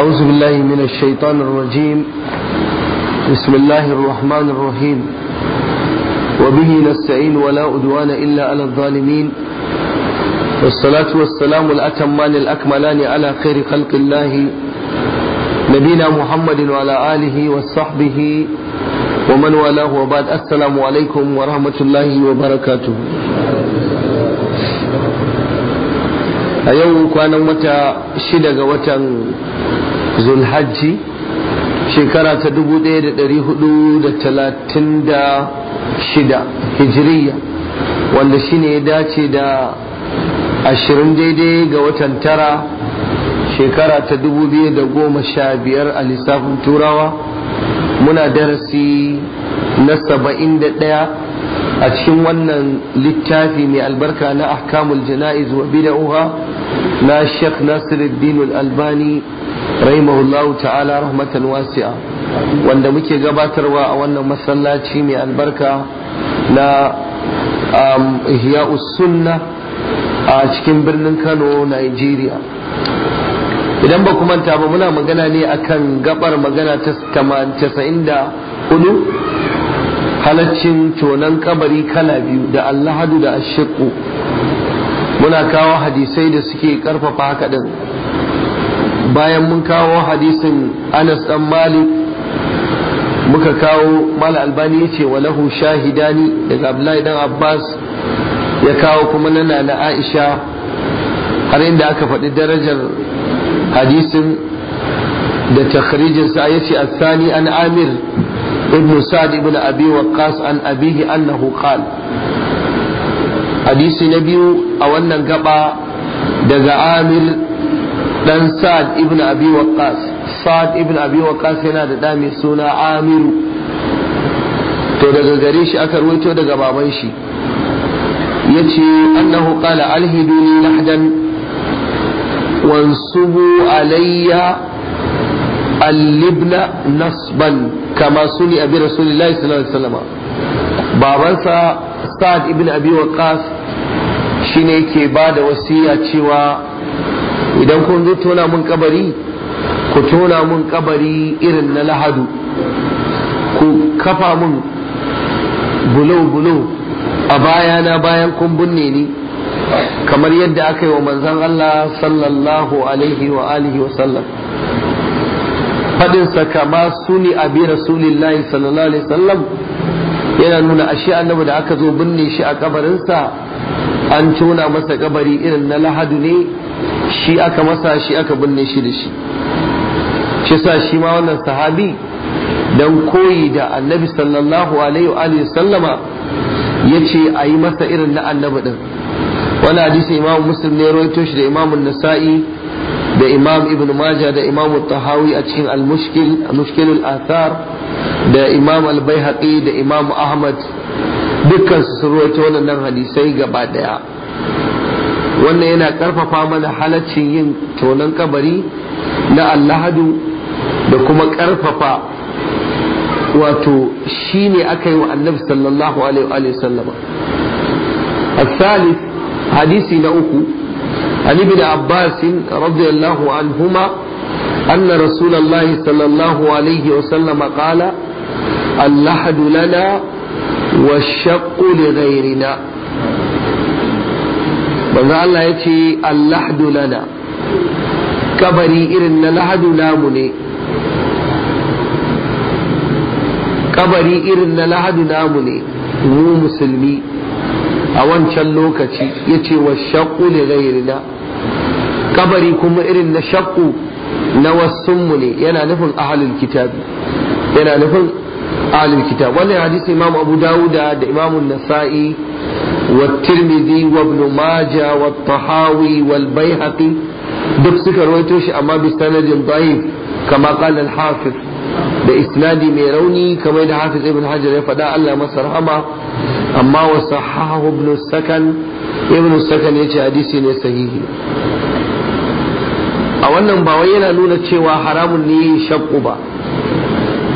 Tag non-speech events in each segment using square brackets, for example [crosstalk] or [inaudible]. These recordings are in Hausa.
أعوذ بالله من الشيطان الرجيم بسم الله الرحمن الرحيم وبه نستعين ولا أدوان إلا على الظالمين والصلاة والسلام الأتمان الأكملان على خير خلق الله نبينا محمد وعلى آله وصحبه ومن والاه وبعد السلام عليكم ورحمة الله وبركاته a yau kwanan wata shida ga watan zulhajji shekara ta 1436 hijiriya wanda shi ne ya dace da 20 daidai ga watan tara shekara ta 2015 a lissafin turawa muna darasi na 71 a cikin wannan littafi mai albarka na ahkamul jana'iz wa bida'uha na Sheikh Nasiruddin Al-Albani rahimahullahu ta'ala rahmatan wasi'a wanda muke gabatarwa a wannan masallaci mai albarka na um, ihya sunna a cikin birnin Kano Nigeria idan ba manta ba muna magana ne akan gabar magana ta 94 halaccin tonon kabari kala biyu da allahadu da ashiku muna kawo hadisai da suke karfafa haka din bayan mun kawo hadisin anas dan malik muka kawo mal albani ya ce walahu shahidani daga abdullahi dan abbas ya kawo kuma nana na aisha har inda aka faɗi darajar hadisin da takhrijinsa ya ce asani an amir ibn sad ibn abi waqqas an abihi annahu qala hadisi na biyu a wannan gaba daga amir dan sa'ad ibn abi waqqas sa'ad ibn abi waqqas yana da da suna amiru to daga gare shi aka ruwaito daga baban shi yace annahu qala alhiduni nahdan wansubu alayya al-libna nasban kama suni abi rasulillahi sallallahu alaihi wasallam babansa sa'ad ibn abi waqas shine yake ba da wasiya cewa idan kun zo tona mun kabari ku tona mun kabari irin na lahadu ku kafa mun bulo-bulo a bayana bayan kun binne ni kamar yadda aka yi wa manzan Allah sallallahu alaihi wa alihi wa sallam faɗinsa kama suni abi rasulillahi sallallahu alaihi sallam yana nuna ashe annabi da aka zo binne shi a kabarinsa an tona masa kabari irin na lahadu ne shi aka masa shi aka binne shi da shi shi sa shi ma wannan sahabi don koyi da annabi sallallahu alaihi wa sallama ya ce a yi masa irin na annabi din wani hadisi imam muslim ne rawaito shi da imam nasa'i da imam ibn maja da imam tahawi a cikin al-mushkil al athar da imam al-baihaqi da imam ahmad dukkan su rawaito wannan hadisai gaba daya wannan yana karfafa mana halaccin yin tonon kabari na allahadu da kuma karfafa wato shi ne aka yi wa annabi sallallahu alaihi sallama الثالث حديث نأكو عن ابن عباس رضي الله عنهما أن رسول الله صلى الله عليه وسلم قال اللحد لنا والشق لغيرنا manzo Allah ya ce allahdu lana kabari irin na lahadu namu ne kabari irin na lahadu namu ne mu musulmi a wancan lokaci ya ce wa shaƙu da gairina kabari kuma irin na shaƙu na wasunmu ne yana nufin ahalul kitab yana nufin ahalul kitab wannan hadisi imamu abu dawuda da imam nasa'i والترمذي wa ماجه والطحاوي والبيهقي duk suka rawaito shi amma bi sanadin da'if kama qala al-hafiz da isnadi mai rauni kamar da hafiz ibn hajar ya faɗa Allah masa rahama amma wa sahahu ibn sakan ibn sakan yace hadisi ne sahihi a wannan ba yana nuna cewa haramun ne shakku ba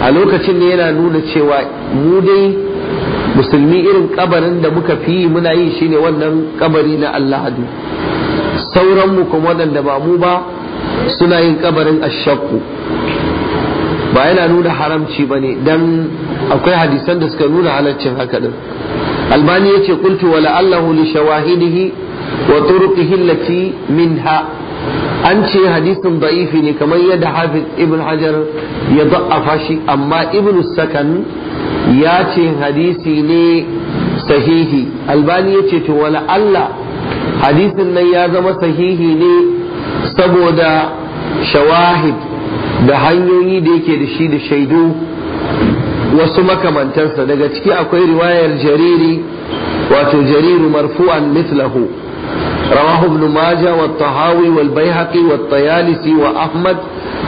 a lokacin ne yana nuna cewa mu dai musulmi irin kabarin da muka fi muna yi shine wannan kabari na allahadu sauran mu kuma waɗanda ba mu ba suna yin kabarin ashakku ba yana nuna haramci ba ne dan akwai hadisan da suka nuna halaccin haka din albani ya ce kultu wa la'allahu li shawahidihi wa turuqihi allati minha an ce hadisin da'ifi ne kamar yadda hafiz ibn hajar ya da'afa shi amma ibn sakan ya ce hadisi ne sahihi albani ya ce to wani Allah hadisin nan ya zama sahihi ne saboda shawahid da hanyoyi da yake da shi da shaidu wasu makamantansa daga ciki akwai riwayar jariri wato jariru marfu'an mislahu رواه ابن ماجه والطهاوي والبيهقي wa Ahmad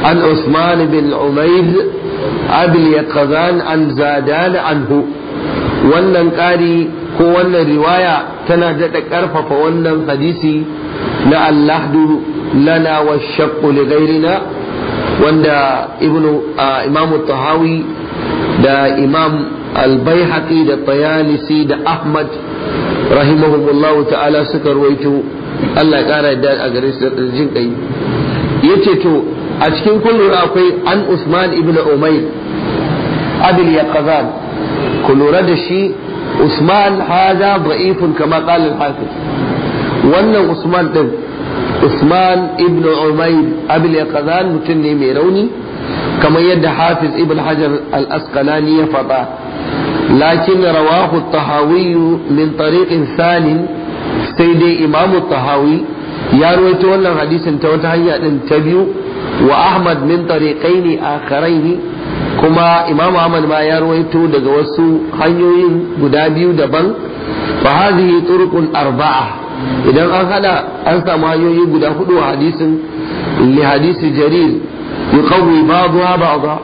an Usman bin عميد abil yaqzan an anhu wannan ƙari ko wannan riwaya tana daɗa ƙarfafa wannan hadisi na Allah allahdu lana wa shakku li ghairina wanda ibnu imam tahawi da imam al-baihaqi da tayalisi da ahmad rahimahumullahu ta'ala suka ruwaito Allah ya ƙara da a gare su da jin ƙai yace to a cikin kullum akwai an Usman ibn Umayr ya kazan ku lura da shi Usman hada da'ifun kama qala hafiz wannan Usman din Usman ibn Umayr ya kazan mutum ne mai rauni kamar yadda Hafiz ibn Hajar al-Asqalani ya faɗa lakin rawahu tahawiyu min tariqin sanin sai dai imamu tahawi ya ruwaito wannan hadisin ta wata hanya din ta biyu wa ahmad min a akharaini kuma imam ahmad ma ya ruwaito daga wasu hanyoyin guda biyu daban fa hadhihi turuqun arba'a idan an haɗa an samu hanyoyi guda hudu a hadisin li hadisi jarir yuqawi ba'dha ba'dha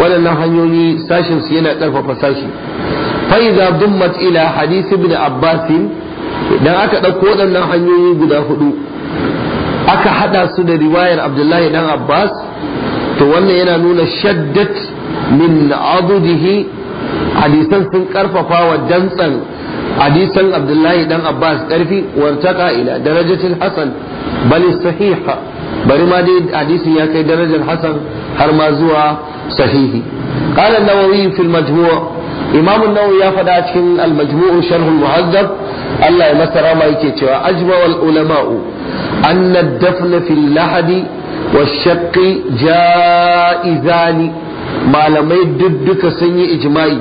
waɗannan hanyoyi sashin su yana ƙarfafa sashi fa idza dummat ila hadisi ibn abbas idan aka ɗauko waɗannan hanyoyi guda huɗu. aka hada su da riwayar abdullahi dan abbas to wannan yana nuna shaddat min abudihi hadisan sun karfafa wa dantsan hadisan abdullahi dan abbas karfi wartaka ila darajatul hasan bal sahiha bari ma dai hadisin ya kai darajar hasan har ma zuwa sahihi qala an-nawawi fi al-majmu' imam cikin al-majmu' sharh Allah ya masa rama yake cewa ajma'ul ulama'u anna dafna fil wa shaqqi ja'izani malamai dudduka sun yi ijma'i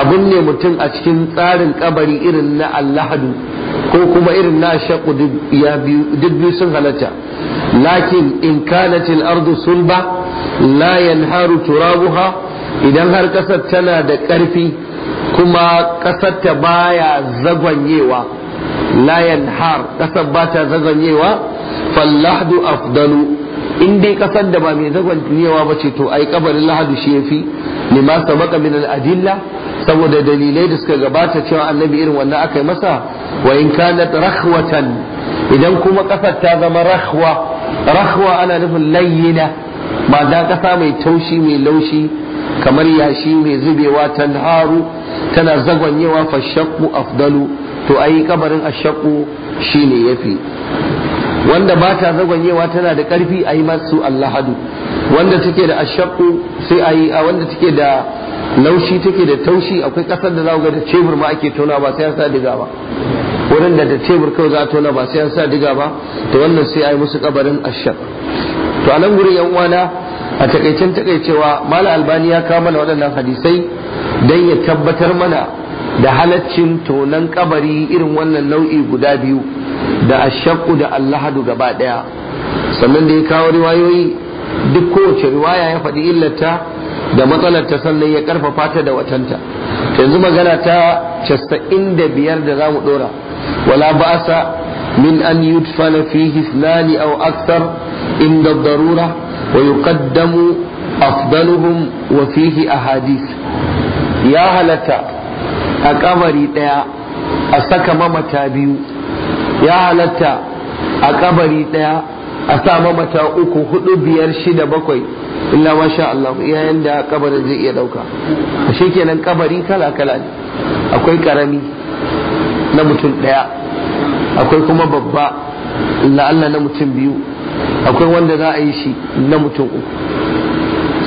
abun ne mutum a cikin tsarin kabari irin na allahadu ko kuma irin na shaqqu duk biyu sun halatta lakin in kanat al-ardu sulba la yanharu turabuha idan har ƙasar tana da ƙarfi. kuma ƙasar ta baya zagwanyewa layan har ƙasar ba ta zagwanyewa fallahdu afdalu in dai ƙasar da ba mai zagwanyewa ba ce to ai kabarin lahadu shi yafi lima sabaka min al saboda dalilai da suka gabata cewa annabi irin wannan aka yi masa wa in kanat rahwatan idan kuma ƙasar ta zama rahwa rahwa ana nufin layyina ba da ƙasa mai taushi mai laushi kamar yashi mai zubewa tanharu tana zagonyewa fa shakku afdalu to ai kabarin ashakku shine yafi wanda ba ta zagonyewa tana da karfi yi masu allahadu wanda take da ashakku sai yi a wanda take da laushi take da taushi akwai kasar da za ga da cebur ma ake tona ba sai an sa diga ba wurin da da cebur kawai za a tona ba sai an sa diga ba to wannan sai yi musu kabarin ashak to a nan gurin yan uwana a takaicen takaicewa mala albani ya kawo mana waɗannan hadisai don ya tabbatar mana da halaccin tonon kabari irin wannan nau'i guda biyu da ashaku da allahadu gaba daya sannan da ya kawo riwayoyi duk kowace riwaya ya faɗi illata da matsalar ta sannan ya karfafa ta da watanta yanzu magana ta casa'in da biyar da za mu ɗora wala ba'asa min an yudfana fihi ithnani aw akthar inda darura wa yuqaddamu afdaluhum wa fihi ahadith ya halatta a kabari ɗaya a saka mamata biyu ya halatta a kabari ɗaya a sa mamata uku hudu biyar shida bakwai illa masha Allah ya yanda kabarin zai iya dauka a kenan kabari kala kala ne akwai karami na mutum daya akwai kuma babba Allah na mutum biyu akwai wanda za a yi shi na mutum uku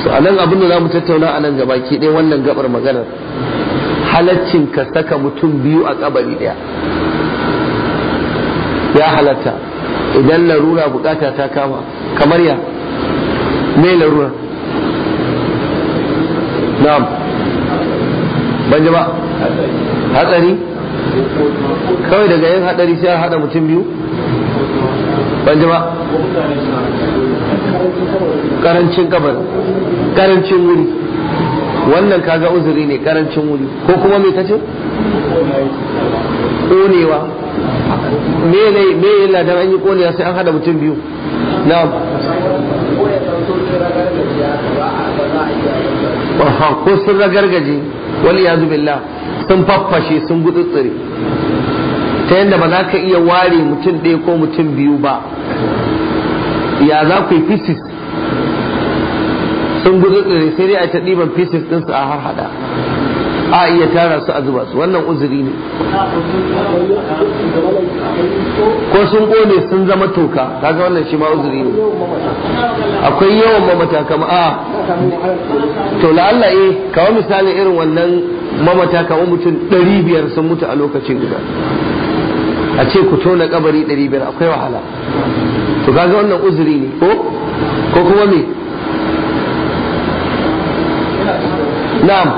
so anan abin da za mu tattauna anan gaba ke ɗaya wannan gabar maganar halaccin ka saka mutum biyu a kabari ɗaya ya halatta idan larura bukata ta kama kamar ya me larura na'am ban ji ba hatsari kawai daga yin hadari sai a hada mutum biyu ban ji ba karancin kabar karancin wuri wannan kaga uzuri ne karancin wuri ko kuma me kace konewa me ne me dan an yi konewa sai an hada mutum biyu na'am Aha, ko sun ragargaje wani ya billah sun faffashe sun gudu tsire ta yadda ba za ka iya ware mutum ɗaya ko mutum biyu ba ya za ku yi pieces sun gudu tsire sai dai a ta ɗiban pieces ɗinsu a har hada a iya tara su a zuba su wannan uzuri ne ko sun ƙone sun zama toka kaga wannan shi ma uzuri ne akwai yawan mamata kama a to la'alla eh kawo misali irin wannan mamata kama mutum ɗari biyar sun mutu a lokacin guda a ce ku tona kabari ɗari biyar akwai wahala to kaga wannan uzuri ne ko ko kuma me na'am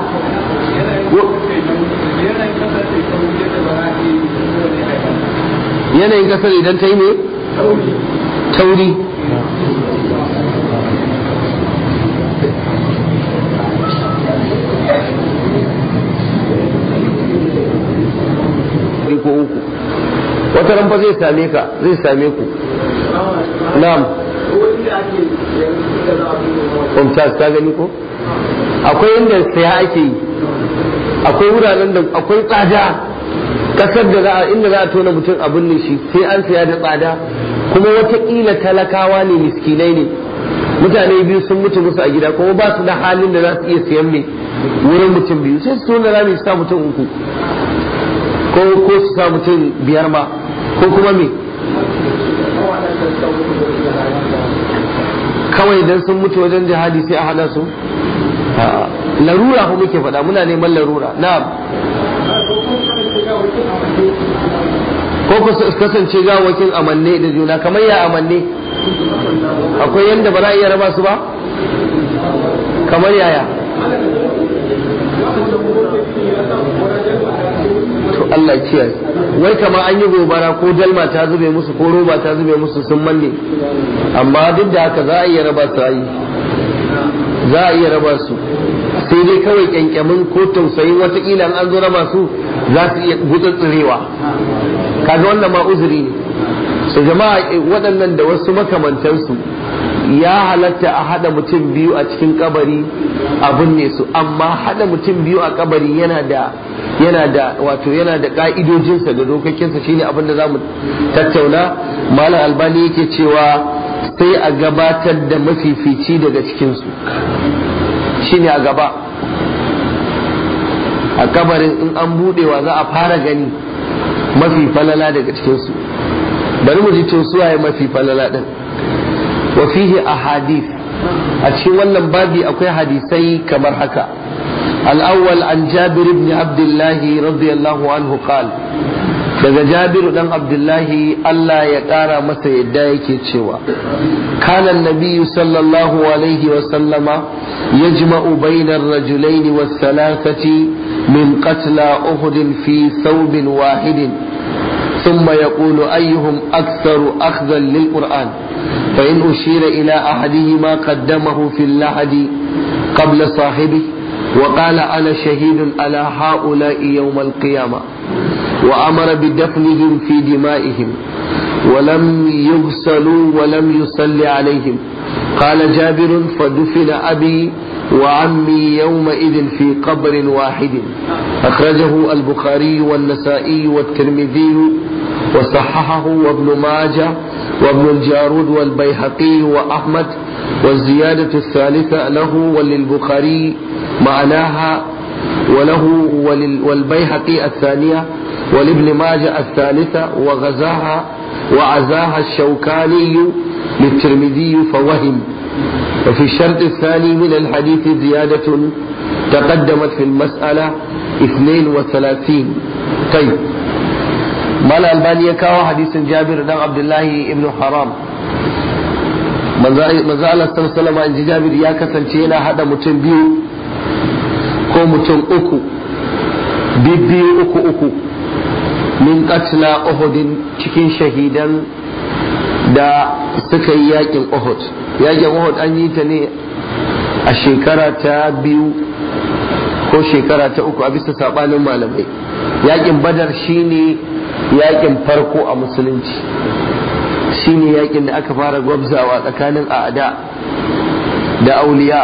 yanayin kasar idan ta yi ne tauri wata ran fa zai same ka zai same ku na'am umtaz ta gani ko akwai inda saya ake yi akwai wuraren da akwai tsada kasar da za a inda za a tona mutum abin ne shi sai an saya da tsada kuma watakila talakawa ne miskinai ne mutane biyu sun mutu musu a gida kuma ba su da halin da za su iya siyan mai wurin mutum biyu sai su tona rami su sa mutum uku ko ko su sa mutum biyar ma ko kuma me kawai idan sun mutu wajen jihadi sai a hada su larura ku muke faɗa muna neman larura na. ko ku kasance gawakin amanne da juna kamar ya amanne akwai yadda ba za a iya raba su ba kamar yaya to Allah kiyaye wai kama an yi gobara ko dalma ta zube musu ko roba ta zube musu sun manne amma duk da haka za a iya raba su ayi za a iya raba su sai dai kawai kyankyamin ko tausayin watakila an zo raba su za su iya gutsutsirewa kaga wannan ma uzuri ne su jama'a eh, waɗannan da wasu makamantansu ya halatta a hada mutum biyu a cikin kabari abin ne su amma hada mutum biyu a kabari yana da yana da wato yana da ka'idojinsa da dokokinsa shine abin da zamu tattauna malam albani yake cewa sai a gabatar da mafifici daga cikin su shine a gaba a kabarin in an budewa za a fara gani mafi falala daga cikin bari mu ji to mafi falala din wa a ahadith a cikin wannan babi akwai hadisai kamar haka al-awwal an jabir ibn abdullah radiyallahu anhu qala daga jabiru dan abdullahi Allah ya ƙara masa yadda yake cewa kanan nabiyu sallallahu alaihi wasallama ya jima'u bainar rajulaini wasalasati min qatla uhudin fi saubin wahidin ثم يقول أيهم أكثر lil للقرآن فإن أشير إلى أحدهما قدمه في اللحد قبل صاحبه وقال أنا شهيد على هؤلاء يوم القيامة وأمر بدفنهم في دمائهم ولم يغسلوا ولم يصلي عليهم قال جابر فدفن أبي وعمي يومئذ في قبر واحد أخرجه البخاري والنسائي والترمذي وصححه وابن ماجه وابن الجارود والبيهقي وأحمد والزيادة الثالثة له وللبخاري معناها وله والبيهقي الثانية ولابن ماجه الثالثة وغزاها وعزاها الشوكاني للترمذي فوهم وفي الشرط الثاني من الحديث زيادة تقدمت في المسألة 32 طيب mal albani ya kawo hadisin jabir dan abdullahi Ibnu haram manzo Allah sallallahu alaihi ji jabir ya kasance yana hada mutum biyu ko mutum uku biyu uku uku min katla uhudin cikin shahidan da suka yi yakin uhud yakin uhud an yi ta ne a shekara ta biyu ko shekara ta uku a bisa sabanin malamai yakin badar shine yakin farko a musulunci shine yakin da aka fara gwabzawa tsakanin a'ada. da auliya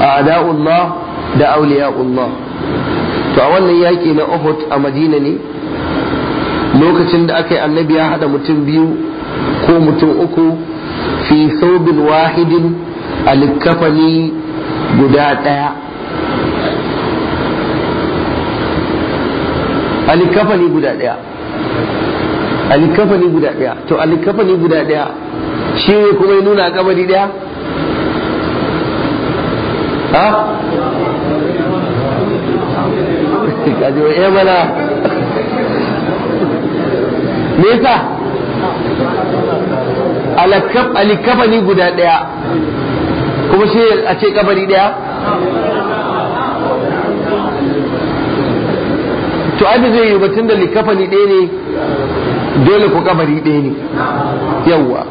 a'da'ullah da auliya'ullah to a wannan yaki na Uhud a Madina ne lokacin da aka yi annabi ya hada mutum biyu ko mutum uku fi thawbin wahidin alikafani guda ɗaya alikafani guda ɗaya alikafani guda daya to alikafani guda daya shi ne kuma ya nuna kabari daya ha [laughs] kaji wa eh mana [laughs] me alikafani guda daya kuma shi a ce kabari daya to abin ba zai yi batun da likafani ɗaya ne dole ku kabari ɗaya ne yawwa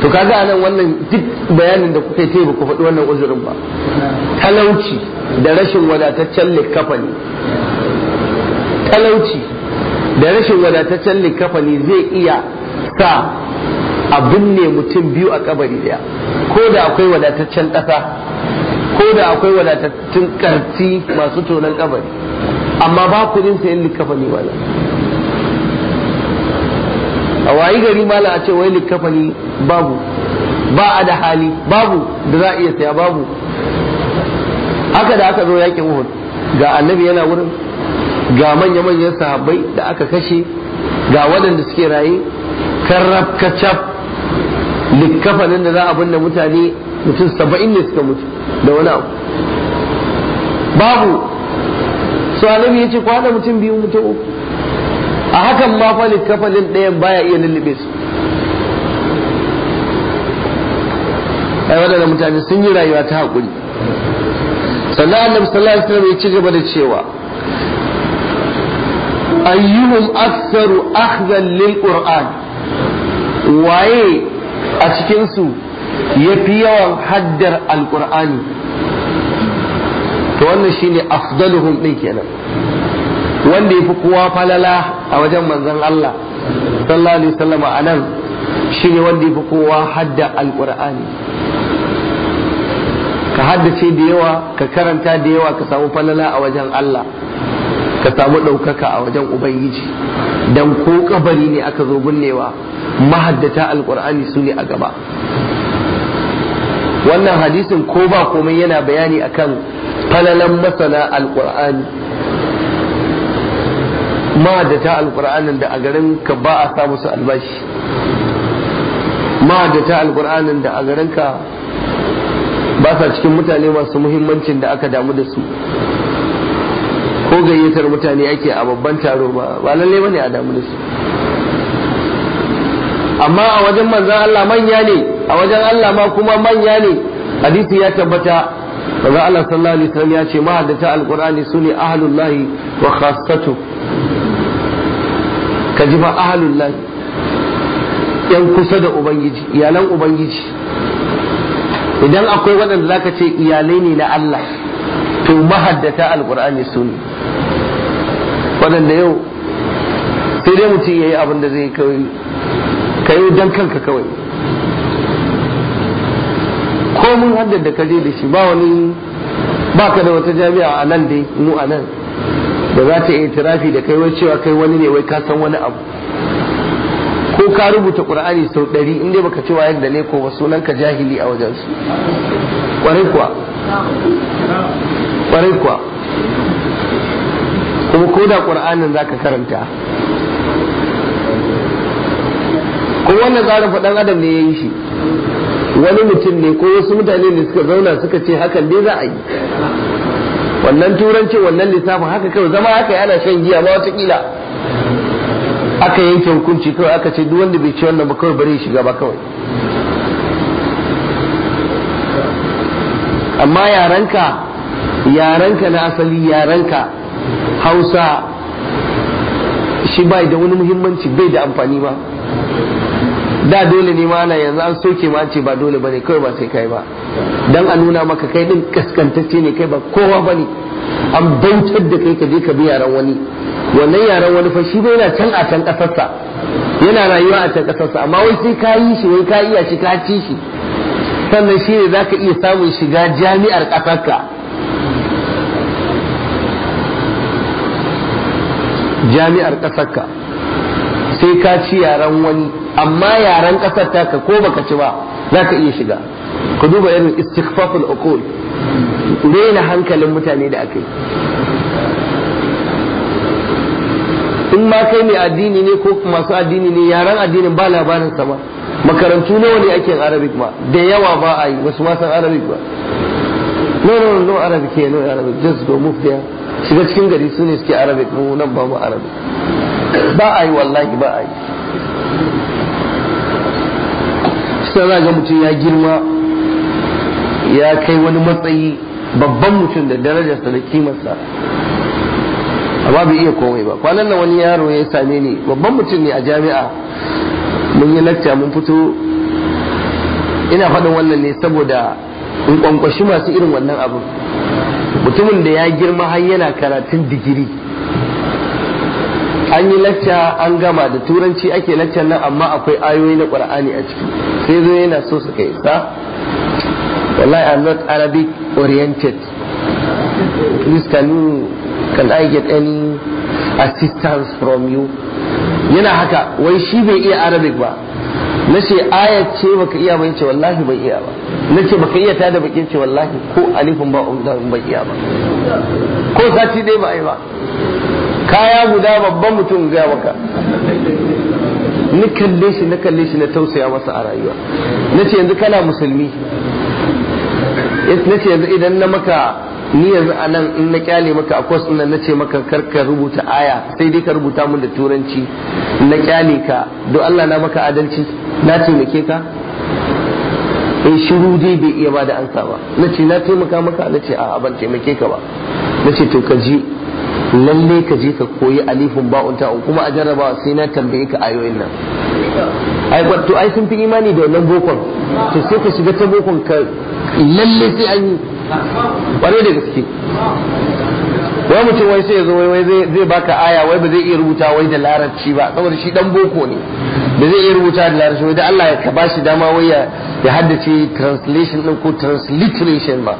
to kaga nan wannan duk bayanin da kuka yi ba ku faɗi wannan uzurin ba talauci da rashin wadataccen likafani talauci da rashin wadataccen likafani zai iya sa a binne mutum biyu a kabari daya ko da akwai wadataccen ƙasa ko da akwai wadataccen ƙarti masu tonon kabari amma ba kudin sayan likafani wala a wayi gari mala a ce wai likafani babu ba a da hali babu da za a iya saya babu haka da aka zo yakin Uhud ga annabi yana wurin ga manya-manyan sahabbai da aka kashe ga waɗanda suke raye karrab kacaf likkafanin da za a binne mutane mutum saba'in ne suka mutu da wani abu babu su ya ya ku hada mutum biyu mutum a hakan ma falit kafalin ɗayan baya iya lullube su ai waɗanda mutane sun yi rayuwa ta haƙuri sannan annabi sallallahu alaihi wasallam ci gaba da cewa ayyuhum aktharu akhdhan lil qur'an waye a cikin su fi yawan haddar alqur'ani to wannan shine afdaluhum din kenan wanda yafi kowa falala a wajen manzon Allah sallallahu alaihi wasallam anan shine wanda yafi kowa hadda alqur'ani ka haddace da yawa ka karanta da yawa ka samu falala a wajen Allah ka samu ɗaukaka a wajen ubangiji dan ko kabari ne aka zo binnewa mahaddata alqur'ani su ne a gaba wannan hadisin ko ba komai yana bayani akan falalan masana alkur'ani ma'adata alkur'anin da a garin ka ba a sa musu albashi ma'adata alkur'anin da a garin ka ba sa cikin mutane masu muhimmancin da aka damu da su ko gayyatar mutane ake a babban taro ba ba lalle bane a damu da su amma a wajen manzan Allah manya ne a wajen Allah ma kuma manya ne hadisi ya tabbata manzo Allah sallallahu alaihi wasallam ya ce mahaddata alqur'ani sune ahlullahi wa khassatu ka ji ba ahlullahi yan kusa da ubangiji iyalan ubangiji idan akwai waɗanda zaka ce iyalai ne na Allah to mahaddata alqur'ani sune waɗanda yau sai dai mutum yayi abin da zai kawai kai dan kanka kawai komun haddar da ka je da shi ba wani ba ka da wata jami'a a nan dai mu a nan da za ta iya tirafi da kai cewa kai wani ne wai ka san wani abu ko ka rubuta qur'ani sau ɗari in dai baka cewa yadda ne ko ba sunan ka jahili a wajen su kwarai kuwa kwarai kuwa kuma ko da qur'anin zaka karanta ko wannan tsarin faɗan adam ne ya yi shi wani mutum ne ko wasu mutane ne suka zauna suka ce hakan dai za a yi wannan turanci wannan lissafin haka kawai zama haka yana shan giya ma watakila aka yanke hukunci kawai aka ce duk wanda bai ci wannan ba kawai bari shiga ba kawai amma yarenka yarenka na asali yarenka hausa shi bai da wani muhimmanci bai da amfani ba da dole ne ma na yanzu an soke ma ce ba dole bane kawai ba sai kai ba dan a nuna maka kai din kaskantacce ne kai ba kowa bane an bautar da kai ka je ka bi yaran wani wannan yaren wani fa shi bai yana can a can kasarsa yana rayuwa a can kasarsa amma wai sai ka yi shi wai ka iya shi ka ci shi sannan shi ne zaka iya samun shiga jami'ar kasarka jami'ar kasarka sai ka ci yaran wani amma yaren kasar taka ko baka ci ba za ka iya shiga ku duba irin istighfaful uqul rena hankalin mutane da aka yi in ma kai mai addini ne ko masu addini ne yaren addinin ba labarin sama makarantu nawa ne ake arabic ma da yawa ba a yi wasu ma san arabic ba no no no arabic here no arabic just go move there shiga cikin gari su ne suke arabic mu nan ba mu arabic ba a yi wallahi ba a yi gaskiya za ga mutum ya girma ya kai wani matsayi babban mutum da darajarsa da kimarsa amma bai iya komai ba kwanan nan wani yaro ya same ni babban mutum ne a jami'a mun yi lacca mun fito ina faɗin wannan ne saboda in kwankwashi masu irin wannan abu mutumin da ya girma har yana karatun digiri an yi lacca an gama da turanci ake laccan nan amma akwai ayoyi na ƙwar'ani a ciki sai zo yana so su kai sa wallahi i'm not arabic oriented please can you can i get any assistance from you yana haka wai shi bai iya arabic ba na ce ayat ce baka iya ba ce wallahi bai iya ba na ce baka iya ta da bakin ce wallahi ko alifin ba umdan um, bai iya ba ko sati dai ba ai ba kaya guda babban mutum zai maka ni kalle shi na kalle shi na tausaya masa a rayuwa na ce yanzu kana musulmi na ce yanzu idan na maka ni yanzu a nan in na kyale maka a kwas nan na ce maka karka rubuta aya sai dai ka rubuta min da turanci na kyale ka don Allah na maka adalci na taimake ka in eh, shiru dai bai iya ba da ansa ba na ce na taimaka maka na ce a ban taimake ka ba na ce to ka ji lalle ka je ka koyi alifin ba'un ta'un kuma a jarrabawa sai na tambaye ka ayoyin nan ai to ai sun fi imani da wannan bokon to sai ka shiga ta bokon ka lalle sai an yi ƙwarai da gaske wai mutum wai sai ya zo wai wai zai baka aya wai ba zai iya rubuta wai da larabci ba saboda shi dan boko ne ba zai iya rubuta da larabci wai da Allah ka bashi dama wai ya haddace translation din ko transliteration ba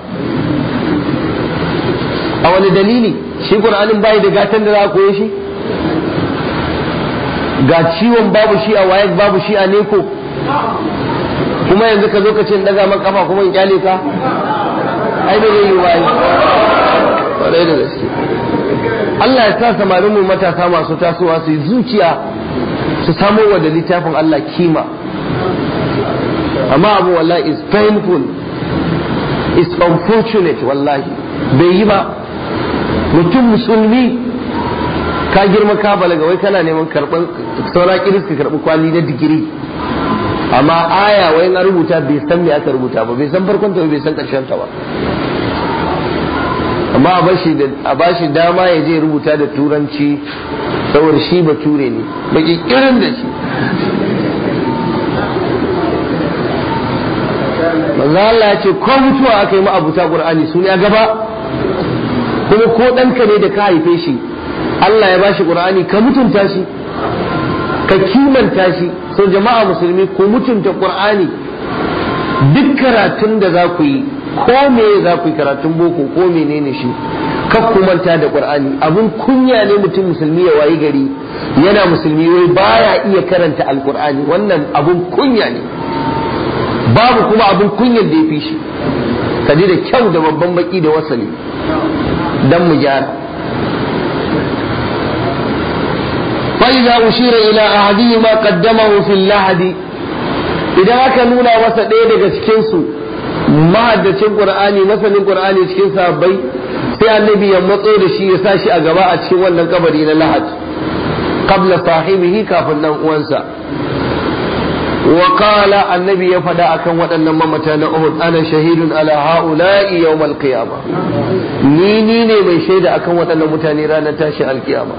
a wani dalili shi kur'anin bai da gatan da za a koye shi ga ciwon babu shi a waye babu shi a neko kuma yanzu ka zo ka ce in daga man kafa kuma in kyale ka ai da zai yi wayi kwarai da gaske Allah ya sa samarin mu matasa masu tasowa su yi zuciya su samo wa da littafin Allah kima amma abu wallahi is painful is unfortunate wallahi bai yi ba mutum musulmi ka girma ka balaga wai kana neman karban saura kiristi ka karbi kwali na digiri amma aya wai na rubuta bai san me aka rubuta ba bai san farkon ta bai san karshen ta ba amma a bashi da a bashi dama ya je rubuta da turanci saboda shi ba ture ne baki kiran da shi manzo Allah ya ce ko mutuwa aka yi ma abuta Qur'ani su ne a gaba kuma ko ɗanka ne da ka haife shi Allah ya bashi Qur'ani ka mutunta shi ka kimanta shi so jama'a musulmi ku mutunta Qur'ani duk karatun da za ku yi ko me za ku yi karatun boko ko menene shi ka kumanta manta da Qur'ani abun kunya ne mutum musulmi ya wayi gari yana musulmi wai baya iya karanta alqur'ani wannan abun kunya ne babu kuma abun kunyar da ya fi shi kaji da kyau da babban baki da wasali dan mu gyara fa'iza ushira ila ahadihima qaddamahu fil lahadi idan aka nuna masa ɗaya daga cikinsu mahaddacin qur'ani masanin qur'ani cikin sahabbai sai annabi ya matso da shi ya sa shi a gaba a cikin wannan kabari na lahad qabla sahibihi kafin nan uwansa وقال النبي يفدا akan waɗannan mamata na Uhud ana shahidun ala haula'i yawm al ni ni ne shaida akan waɗannan mutane ranar tashi al-qiyama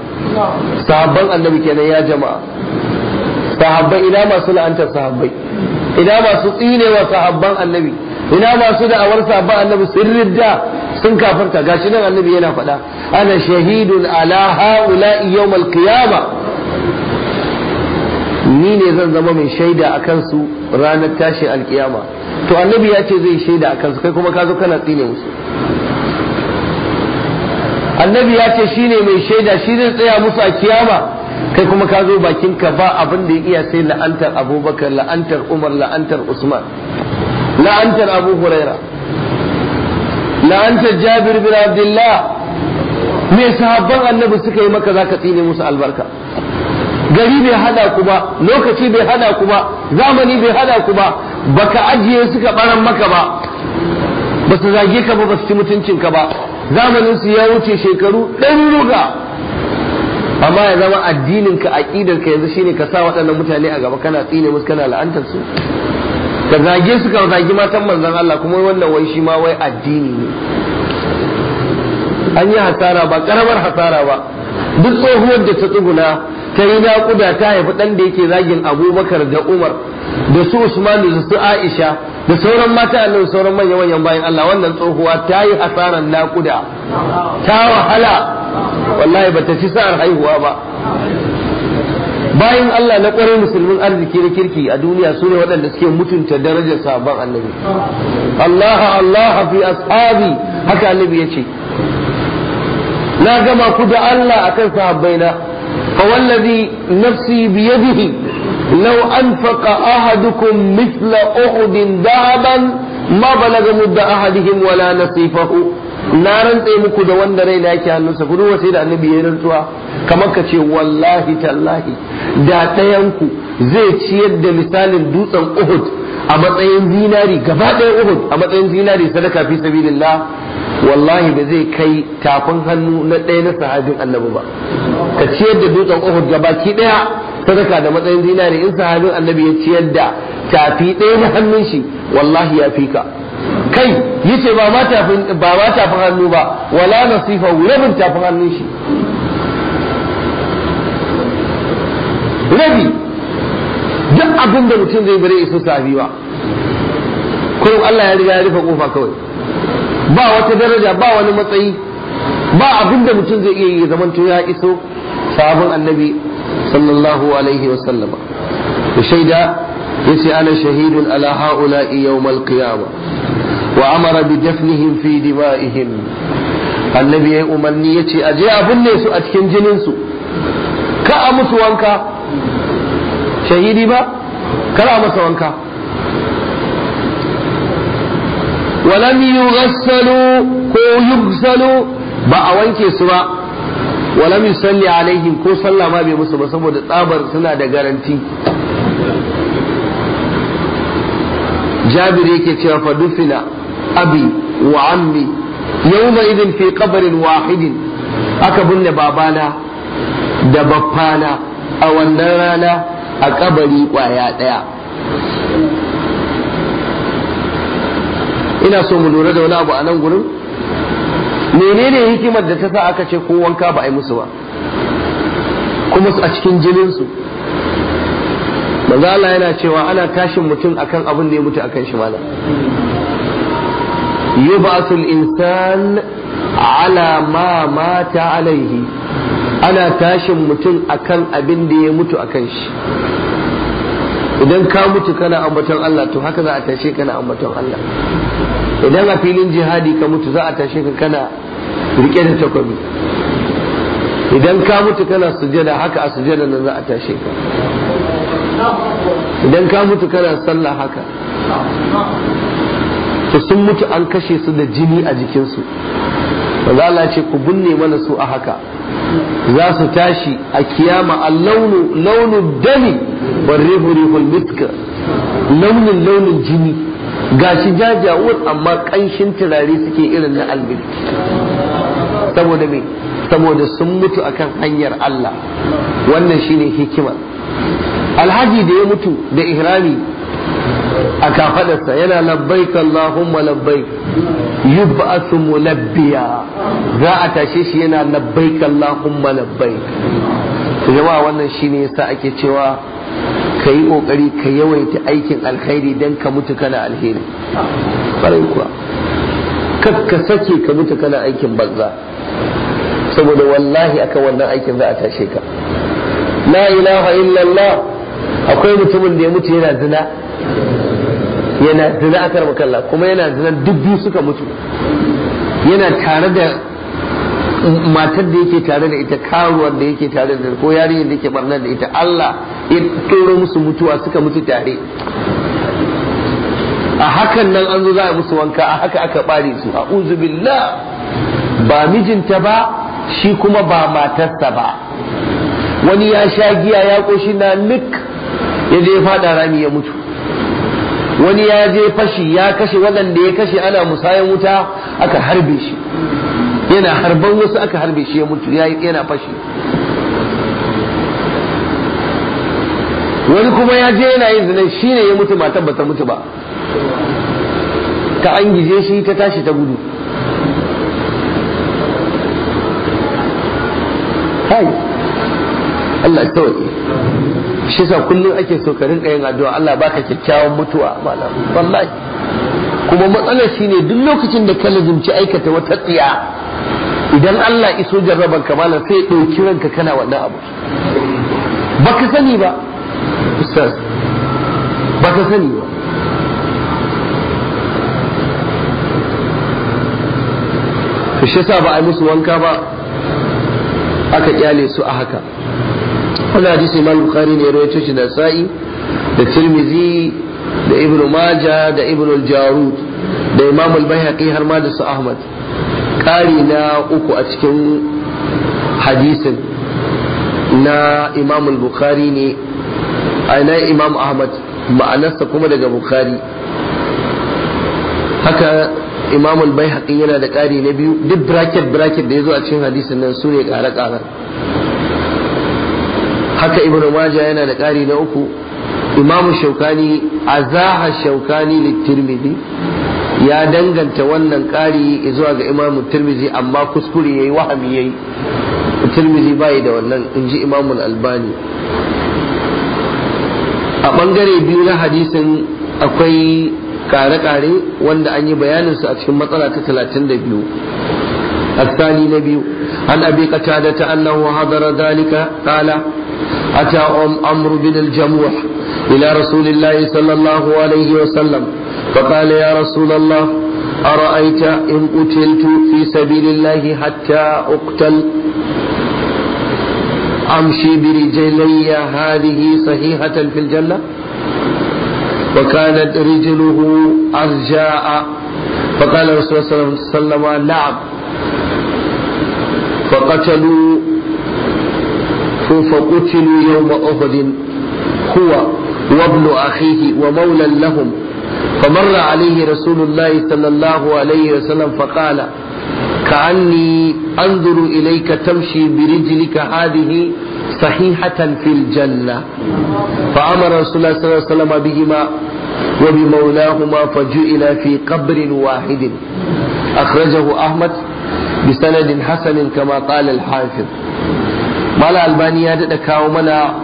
annabi kenan ya jama'a sahabbai ina masu la'antar sahabbai ina masu tsinewa sahabban annabi ina masu da'awar sahabban annabi sun sun kafarta gashi nan annabi yana faɗa ana shahidun ala haula'i yawm al-qiyama ni ne zan zama mai shaida a kansu ranar tashin alkiyama to annabi ya ce zai shaida a kansu kai kuma ka zo kana tsine musu annabi ya ce shi ne mai shaida shi zai tsaya musu a kiyama kai kuma ka zo bakinka ba abin da ya iya sai la'antar abubakar la'antar umar la'antar usman la'antar abu huraira la'antar jabir bin abdullah me sahabban annabi suka yi maka zaka tsine musu albarka gari bai hada ku ba lokaci bai hada ku ba zamani bai hada ku ba baka ajiye suka baran maka ba ba su zage ka ba ba su ci mutuncinka ba zamanin su ya wuce shekaru ɗan ruga amma ya zama addinin ka aqidar ka yanzu shine ka sa waɗannan mutane a gaba kana tsine musu kana la'antar su ka zage su ka zagi matan manzon Allah kuma wannan wai shi ma wai addini ne an yi hasara ba karamar hasara ba duk tsohuwar da ta tsuguna ta yi naƙuda ta haifi ɗan da yake zagin abubakar da umar da su usman da su aisha da sauran mata annabi sauran manyan manyan bayan Allah wannan tsohuwa ta yi hasarar naƙuda ta wahala wallahi bata ci sa'ar haihuwa ba bayan Allah na kwarai musulmin arziki na kirki a duniya su ne waɗanda suke mutunta darajar sabon annabi Allah Allah fi ashabi haka annabi ya ce na gama ku da Allah akan sahabbaina فوالذي نفسي بيده لو أنفق أحدكم مثل أحد ذهبا ما بلغ مد أحدهم ولا نصيفه na rantse muku da wanda raina na yake hannunsa ku duba sai da annabi ya rantsuwa kamar ka ce wallahi tallahi da ɗayanku zai ciyar da misalin dutsen Uhud a matsayin zinari gaba ɗaya Uhud a matsayin zinari sadaka fi sabilillah wallahi ba zai kai tafin hannu na ɗaya na sahabin annabi ba ka ciyar da dutsen uhud gabaki ɗaya sadaka da matsayin zinari in sahabin annabi ya ciyar da tafi ɗaya na hannun shi wallahi ya fi ka kai yace ba ba ma tafin hannu ba wala nasifa rabin tafin hannun shi rabi duk abin da mutum zai bare iso safi ba kullum Allah ya riga ya rufe kofa kawai ba wata daraja ba wani matsayi ba abin da mutum zai iya yi zamanto ya iso sabon annabi sallallahu alaihi wasallama da shaida yace ana shahidun ala haula'i yawmal qiyama wa amara bi dafnihim fi dima'ihim annabi ya umarni ce aje a binne su a cikin jinin su ka a musu wanka shahidi ba kar masa wanka ولم يغسلوا كو يغسلوا با اوانكي سوا ولم يصلي عليهم كو صلى ما بي مسلم سمو تابر سنا دا غارنتي جابر يكي تشافى دفن ابي وعمي يومئذ في قبر واحد اكبن بابانا da baffana a wannan rana a kabari ina so mu lura da wani abu a nan gurin menene hikimar da ta sa aka ce ko wanka ba a musu ba kuma a cikin jinin su Allah yana cewa ana tashin mutum akan abin da ya mutu akan shi mala yub'athu insan ala ma mata alaihi ana tashin mutum akan abin da ya mutu akan shi idan ka mutu kana ambaton Allah to haka za a tashe kana ambaton Allah idan a filin jihadi ka mutu za a tashe ka kana rike da takobi idan ka mutu kana sujada haka a sujada nan za a tashe ka idan ka mutu kana sallah haka to sun mutu an kashe su da jini a jikinsu ba Allah ce ku binne mana su a haka za su tashi a kiyama a launu launu dami wa rihu rihul mitka launin launin jini Ga shi jajawur amma kanshin turare suke irin na albin saboda me saboda sun mutu akan hanyar Allah wannan shine hikima alhaji da ya mutu da ihrami a kafadarsa yana labbaik Allahumma labbaik yub'asu mulabbiya za a tashe shi yana labbaik Allahumma labbaik jama'a wannan shine yasa ake cewa ka yi ƙoƙari ka yawaita aikin alkhairi don ka mutu kana alheri ƙwarai kuwa ka sake ka mutu kana aikin banza saboda wallahi akan wannan aikin za a tashe ka la ilaha illallah akwai mutumin da ya mutu yana zina yana zina akar makalla kuma yana zina duk biyu suka mutu yana tare da matar da yake tare da ita karuwar da yake tare da ko yarinyar da yake barnar da ita Allah ya turo musu mutuwa suka mutu tare a hakan nan an zo za a musu wanka a haka aka bare su a billah ba mijinta ba shi kuma ba matarsa ba wani ya sha giya ya koshi na nik ya je fada rami ya mutu wani ya je fashi ya kashe waɗanda ya kashe ana musayan wuta aka harbe shi yana harban wasu aka harbe shi ya mutu yana fashi wani kuma ya je yana yin zina shi ne ya mutu matan ba ta mutu ba ta an gije shi ta tashi ta gudu hai Allah ya tsawaye shi sa kullum ake so ka rinka yin addu'a Allah baka kyakkyawan mutuwa malam wallahi kuma matsalar shi ne duk lokacin da ka lazumci aikata wata tsiya idan Allah iso jarraban ka malam sai ɗauki ranka kana wannan abu baka sani ba ustaz ba sani ba shi ba a musu wanka ba aka kyale su a haka wani hadisi imam bukhari ne rawaito shi da sa'i da tirmizi da ibnu maja da ibnu jarud da imam al-baihaqi har ma da su ahmad kari na uku a cikin hadisin na imam al-bukhari ne a imam ahmad ma'anarsa kuma daga bukhari haka imam al yana da ƙari na biyu duk bracket bracket da ya zo a cikin hadisin nan su ne ƙare ƙarar haka ibn majah yana da ƙari na uku imam shaukani azaha shaukani Littirmizi ya danganta wannan ƙari zuwa ga imam tirmidhi amma kuskure yayi wahami yayi tirmidhi bai da wannan inji imam al-albani a bangare biyu na hadisin akwai kare-kare wanda an yi bayaninsu a cikin matsala ta 32 الثاني نبي عن أبي قتادة أنه حضر ذلك قال أتى أم أمر بن الجموح إلى رسول الله صلى الله عليه وسلم فقال يا رسول الله أرأيت إن قتلت في سبيل الله حتى أقتل أمشي برجلي هذه صحيحة في الجنة وكانت رجله أرجاء فقال رسول الله صلى الله عليه وسلم نعم فقتلوا فقتلوا يوم أحد هو وابن أخيه ومولى لهم فمر عليه رسول الله صلى الله عليه وسلم فقال كأني أنظر إليك تمشي برجلك هذه صحيحة في الجنة فأمر رسول الله صلى الله عليه وسلم بهما وبمولاهما فجئل في قبر واحد أخرجه أحمد بسند حسن كما قال الحافظ مالا ألبانيا دكاو منا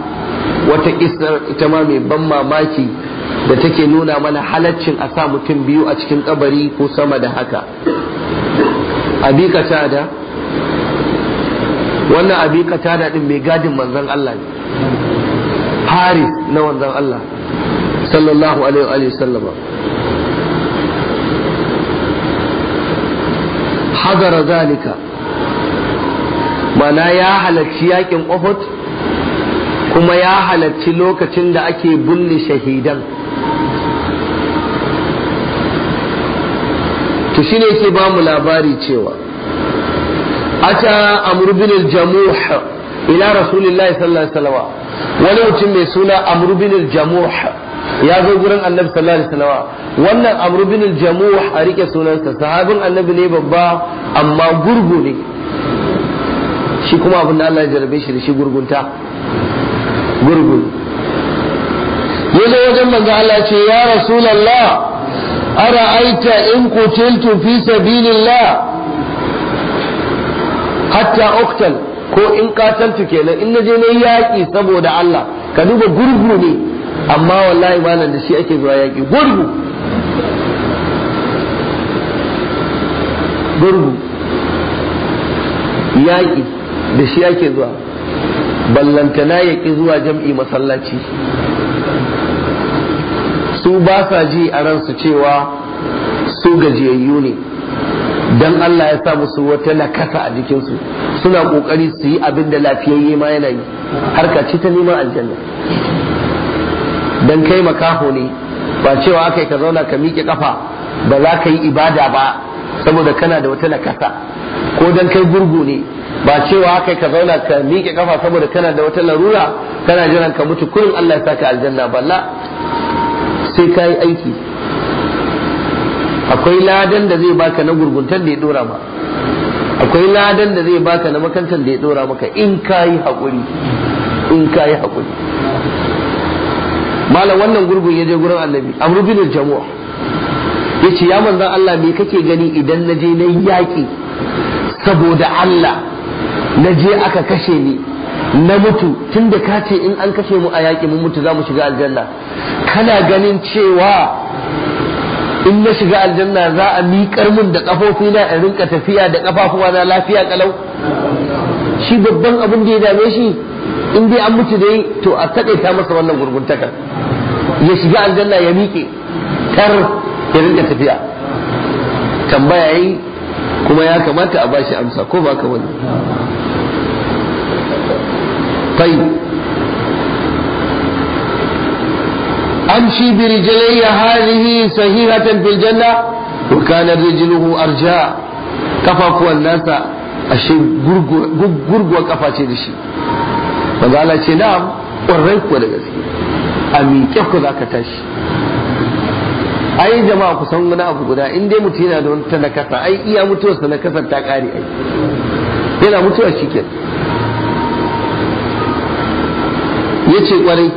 وتكسر تمامي بما ماكي da take nuna mana halaccin a sa mutum biyu a cikin kabari ko sama da haka abi katada wannan abi katada din mai gadin manzon Allah ne haris na manzon Allah sallallahu alaihi wa sallama hadara zalika mana ya halarci yakin Uhud kuma ya halarci lokacin da ake binne shahidan to ne ke ba mu labari cewa a ta bin al-jamuh ila rasulillahi sallallahu alaihi wa wani mutum mai suna amr bin jamuh ya zo gurin annabi sallallahu alaihi wasallam wannan amr bin jamuh a rike sunansa sahabin annabi ne babba amma gurgu ne shi kuma abin da Allah ya jarabe shi da shi gurgunta gurgu ya zo wajen manzo Allah ce ya rasulullah أرأيت إن قتلت في سبيل الله حتى أقتل ko in ke kenan in naje na yaƙi saboda Allah ka duba gurgu ne amma wallahi malam da shi ake zuwa yaƙi gurgu gurgu yaƙi da shi ake zuwa ballantana yaƙi zuwa jam'i masallaci su ba sa ji a ransu cewa su gajiyayyu ne don Allah ya sa musu wata nakasa a jikinsu suna kokari su yi abin da lafiyayye ma yana yi harka ci ta neman aljanna don kai makaho ne ba cewa aka ka zauna ka miƙe kafa ba za ka yi ibada ba saboda kana da wata nakasa ko don kai gurgu ne ba cewa aka ka zauna ka miƙe ƙafa saboda kana da wata larura kana jiran ka mutu kurin Allah ya sa ka aljanna balla sai ka yi aiki akwai ladan da zai baka na gurguntan da ya dora ma akwai ladan da zai baka na makantan da ya dora maka in ka yi haƙuri in ka yi haƙuri malam wannan gurgun ya je gurin annabi amru bin jamu'a ya ce ya manzan Allah me kake gani idan na je na yaƙi saboda Allah na je aka kashe ni na mutu tun da ka ce in an kashe mu a yaƙi mun mutu za mu shiga aljanna kana ganin cewa in na shiga aljanna za a miƙar mun da ƙafofina in rinka tafiya da ƙafafuwa na lafiya kalau. shi babban abin da ya dame shi in dai an mutu dai to a taƙaita masa wannan gurguntakar ya shiga aljanna ya miƙe Kar ya rinka tafiya tambaya yi kuma ya kamata a bashi amsa ko ba ka wani طيب أمشي برجلي هذه سهيرة في الجنة وكان رجله أرجاء كفاكو الناس أشي قرقوا كفاتي دشي فقال نعم ƙwarrai kuwa da gaske a miƙe ku za ka tashi ai jama'a ku san wani abu guda in dai mutum yana da wani ta nakasa ai iya mutuwarsa nakasar ta ƙare ai yana mutuwa shi yace kwarai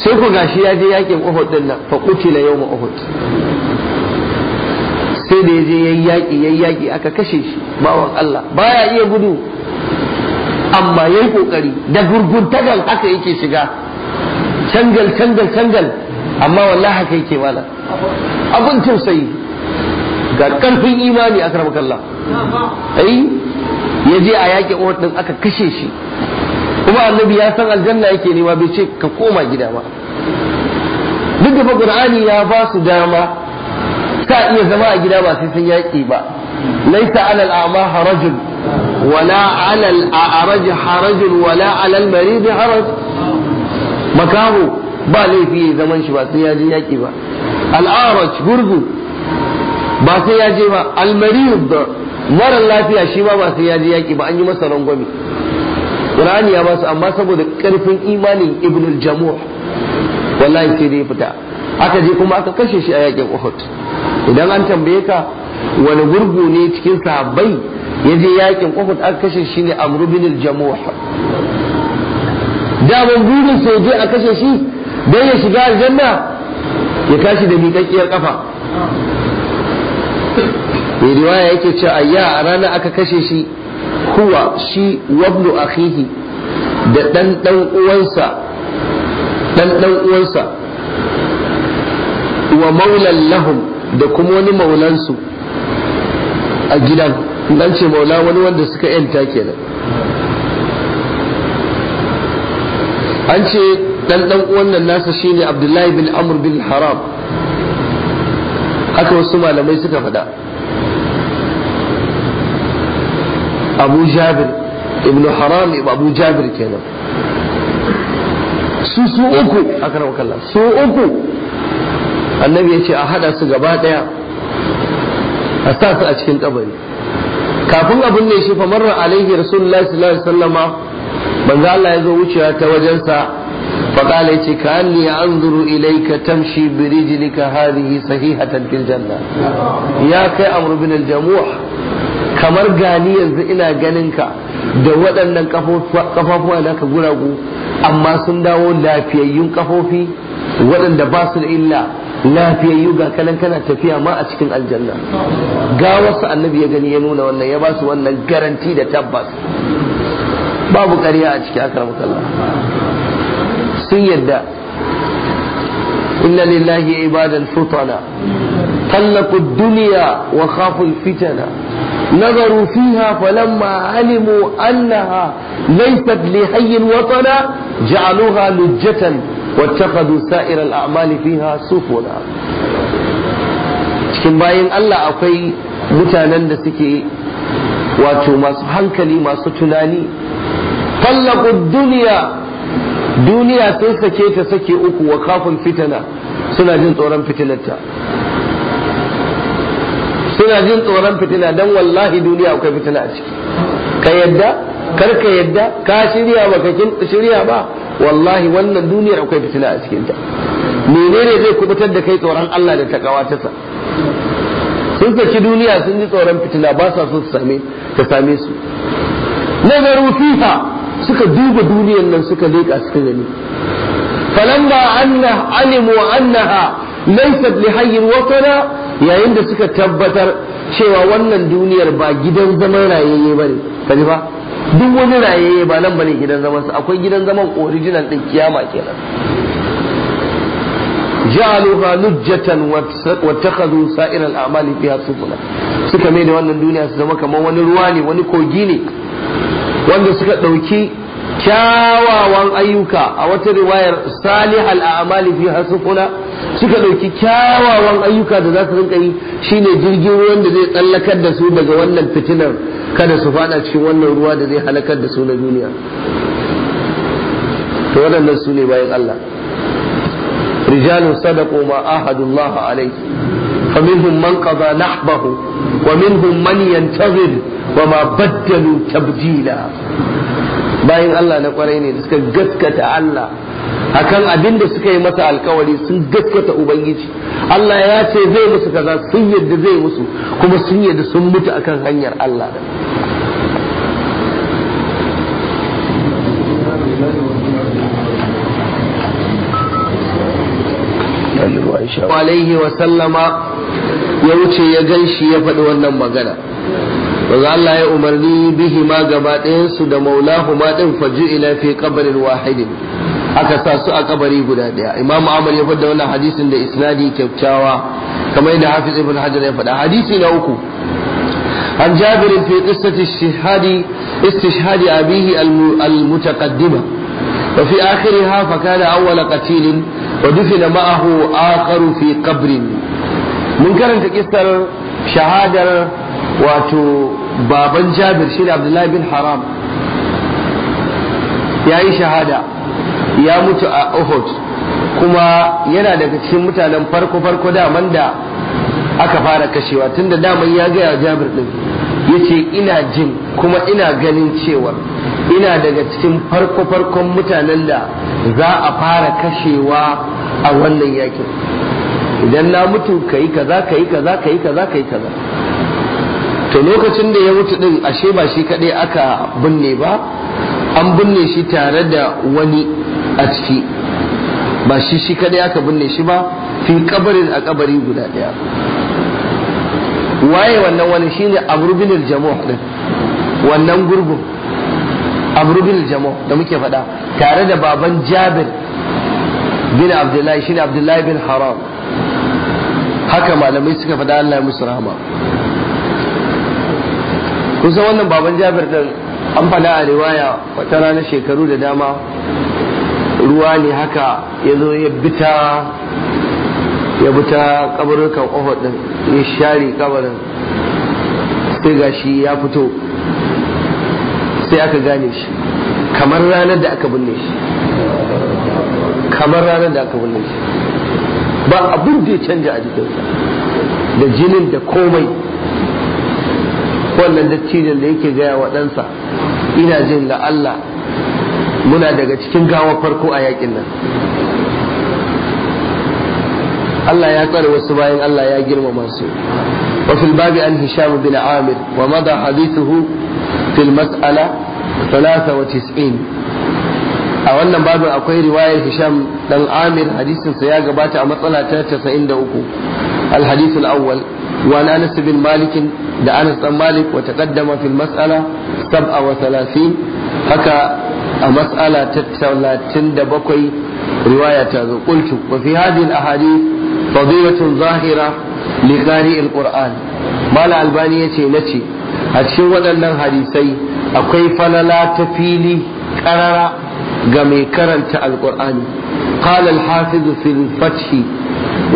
sai ku gashi ya je yakin Uhud din nan fa qutila yawma Uhud sai da ya je yayi yaki yayi yaki aka kashe shi bawan Allah baya iya gudu amma yayi kokari da gurguntagan aka yake shiga cangal cangal cangal amma wallahi haka yake mala abin tausayi ga karfin imani akramkallah ai ya je a yaƙin Uhud din aka kashe shi kuma annabi ya san aljanna yake nema bai ce ka koma gida ba duk da qur'ani ya ba su dama ka iya zama a gida ba sai sun yaki ba laisa alal a'ma harajun wala alal a'raj harajun wala alal marid haraj makaho ba laifi zaman shi ba sai ya je yaki ba al'araj gurgu ba sai ya je ba al-marid mara lafiya shi ba ba sai ya je yaki ba an yi masa rangwame qur'ani ya ba su amma saboda karfin imanin ibn al-jamuh wallahi sai dai fita aka je kuma aka kashe shi a yakin uhud idan an tambaye ka wani gurgu ne cikin sahabbai ya je yakin uhud aka kashe shi ne amru ibn al-jamuh da ban burin sai je a kashe shi dan ya shiga aljanna ya tashi da miƙaƙƙiyar kafa mai riwaya yake cewa ayya a ranar aka kashe shi huwa shi wabnu akhihi da dan dan uwansa dan dan uwansa wa maulan lahum da kuma wani maulansu a gidan dan ce maula wani wanda suka yanta kenan an ce dan dan uwan nan nasa shine Abdullahi bin Amr bin Haram haka wasu malamai suka faɗa abu jabir ibn haram abu jabir kenan su su uku a karamar su uku annabi ya ce a hada su gaba daya a sa su a cikin kabari kafin abin ne shi famar alaihi rasulullahi sallallahu alaihi wasallama manzo Allah ya zo wucewa ta wajensa فقال كأني أنظر إليك تمشي برجلك هذه صحيحة ya kai يا كأمر بن الجموح kamar gani yanzu ina ganin ka da waɗannan kafafuwa naka guragu amma sun dawo lafiyayyun kafofi waɗanda ba su da illa lafiyayyu ga kanan kana tafiya ma a cikin aljanna ga wasu annabi ya gani ya nuna wannan ya ba su wannan garanti da tabbas babu ƙarya a ciki akramukallah sun yadda inna lillahi ibadan futana dunya wa khafu fitana. نظروا فيها فلما علموا أنها ليست لحي وطنا جعلوها لجة واتخذوا سائر الأعمال فيها سفنا cikin bayan Allah akwai mutanen da suke wato masu hankali masu tunani fallaku duniya duniya sai sake ta sake uku wa kafin fitana suna jin tsoron fitinarta suna jin tsoron fitina dan wallahi duniya akwai fitina a ciki ka yadda kar ka yadda ka shirya ba ka shirya ba wallahi wannan duniyar akwai fitina a cikin ta menene zai kubutar da kai tsoron Allah da takawa ta sa sun saki duniya sun ji tsoron fitina ba sa so su same ta same su nazaru fiha suka duba duniyar nan suka leka suka gani falamma anna alimu annaha laysat lihayyin wasana yayin da suka tabbatar cewa wannan duniyar ba gidan zaman rayayye ba ne ka ba duk wani rayayye ba nan ba ne gidan zaman su akwai gidan zaman original din kiyama kenan ja'aluha nujjatan wa takhadhu sa'ir al'amali fiha sufula suka mai da wannan duniya su zama kamar wani ruwa ne wani kogi ne wanda suka dauki kyawawan ayyuka a wata riwayar salihal a'mali fiha sufula suka ɗauki kyawawan ayyuka da za su rinka yi shine jirgin ruwan da zai tsallakar da su daga wannan fitinar kada su fada cikin wannan ruwa da zai halakar da su na duniya to waɗannan su ne bayan Allah rijalun sadaqu ma ahadullah alayhi فمنهم من قضى نحبه ومنهم من ينتظر وما بدلوا تبديلا باين الله نقرأني suka gaskata Allah. akan abin da suka yi masa alkawari sun gaskata ubangiji Allah ya ce zai musu kaza sun yadda zai musu kuma sun yadda sun mutu akan hanyar Allah alaihi wa sallama ya wuce ya gan shi ya faɗi wannan magana Wanzu Allah ya umarni bihi ma gaba ɗayansu da maulahu ma ɗin faju ila fi kabarin wahidin aka sa su a kabari guda daya imamu amr ya fada wannan hadisin da isnadi kyakkyawa kamar yadda hafiz ibn hajar ya faɗa hadisi na uku عن جابر في قصة استشهاد استشهاد أبيه المتقدمة وفي آخرها فكان أول قتيل ودفن ma'ahu آخر في قبر mun karanta kisar shahadar wato baban jabir shi da abdullahi bin haram ya yi shahada ya mutu a Uhud kuma yana daga cikin mutanen farko-farko daman da aka fara kashewa tunda daman ya gaya jabir din yace ina jin kuma ina ganin cewa ina daga cikin farko-farkon mutanen da za a fara kashewa a wannan yakin idan na mutu kai yi kaza ka kaza ka kaza ka kaza to lokacin da ya mutu din ashe ba shi kaɗai aka binne ba an binne shi tare da wani a ciki ba shi shi ya aka binne shi ba fi kabarin a kabari guda daya waye wannan wani shi ne abrubinil jamo' jamuh din wannan gurgun abrubinil jamo' da muke faɗa tare da baban jabir bin abdullahi shi ne abdullahi bin haram haka malamai suka faɗa Allah ya musu rahama kusan wannan baban jabir din an faɗa a riwaya wata rana shekaru da dama ruwa ne haka ya zo ya bita ya bita kabarukan din ya share kabarin sai gashi ya fito sai aka gane shi kamar ranar da aka binne shi kamar ranar da aka binne shi ba abin da ya canja a jikinsa da jinin da komai wannan dattijan da yake gaya wa ina jin da Allah muna daga cikin gawa farko a yakin nan Allah ya tsare wasu bayan Allah ya girmama su wa fil babi an hisham bin amir wa mada hadithuhu fil mas'ala 93 a wannan babin akwai riwayar hisham dan amir hadisinsa ya gabata a matsala ta 93 الحديث الأول وعن أنس بن مالك ده أنس بن مالك وتقدم في المسألة سبعة وثلاثين haka. a mas'ala ta talatin da bakwai riwaya ta zo kultu wa fi hadin ahadi fadilatun zahira li qari'il qur'an mala albani yace nace a cikin waɗannan hadisai akwai falala ta fili karara ga mai karanta alqur'ani قال الحافظ في الفتح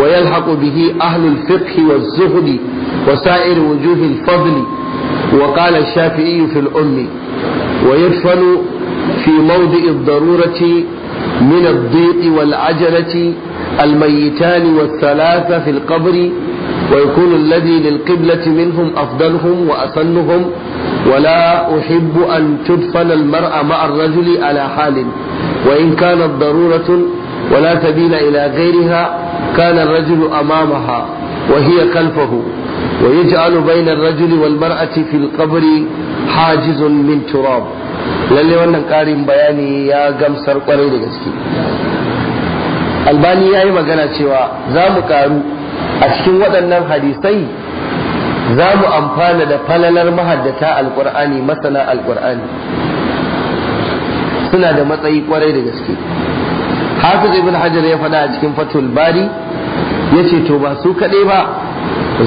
ويلحق به أهل الفقه والزهد وسائر وجوه الفضل وقال الشافعي في الأم ويدفن في موضع الضرورة من الضيق والعجلة الميتان والثلاثة في القبر ويكون الذي للقبلة منهم أفضلهم وأسنهم ولا أحب أن تدفن المرأة مع الرجل على حال وإن كانت ضرورة ولا سبيل إلى غيرها كان الرجل أمامها وهي خلفه ويجعل بين الرجل والمرأة في القبر حاجز من تراب lalle wannan ƙarin bayani ya gamsar kwarai da gaske albani ya yi magana cewa za mu karu a cikin waɗannan hadisai za mu amfana da falalar mahaddata alƙur'ani masana alƙur'ani suna da matsayi kwarai da gaske hafiz ibn hajar ya faɗa a cikin fatul bari ya ce to ba su kaɗai ba